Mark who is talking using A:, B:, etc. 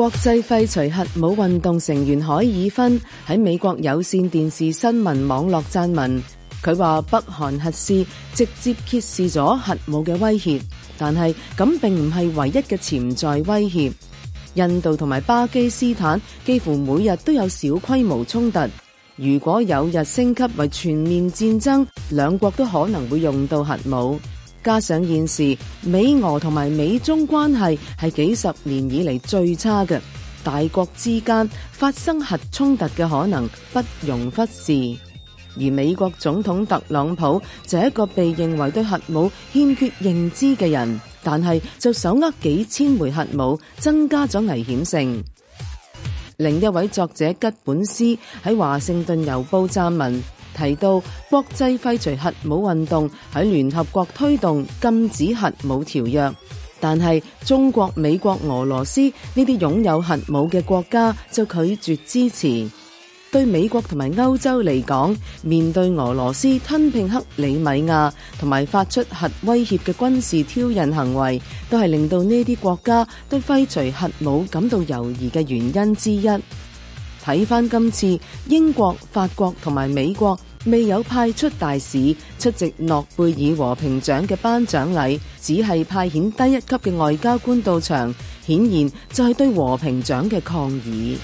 A: 國際廢除核武運動成員海爾芬喺美國有線電視新聞網絡撰文，佢話北韓核試直接揭示咗核武嘅威脅，但係咁並唔係唯一嘅潛在威脅。印度同埋巴基斯坦幾乎每日都有小規模衝突，如果有日升級為全面戰爭，兩國都可能會用到核武。加上現時美俄同埋美中關係係幾十年以嚟最差嘅，大國之間發生核衝突嘅可能不容忽視。而美國總統特朗普，就一個被認為對核武欠缺認知嘅人，但係就手握幾千枚核武，增加咗危險性。另一位作者吉本斯喺華盛頓郵報撰文。提到國際廢除核武運動喺聯合國推動禁止核武條約，但係中國、美國、俄羅斯呢啲擁有核武嘅國家就拒絕支持。對美國同埋歐洲嚟講，面對俄羅斯吞併克里米亞同埋發出核威脅嘅軍事挑釁行為，都係令到呢啲國家對廢除核武感到猶疑嘅原因之一。睇翻今次英國、法國同埋美國。未有派出大使出席諾貝爾和平獎嘅頒獎禮，只係派遣低一級嘅外交官到場，顯然就係對和平獎嘅抗議。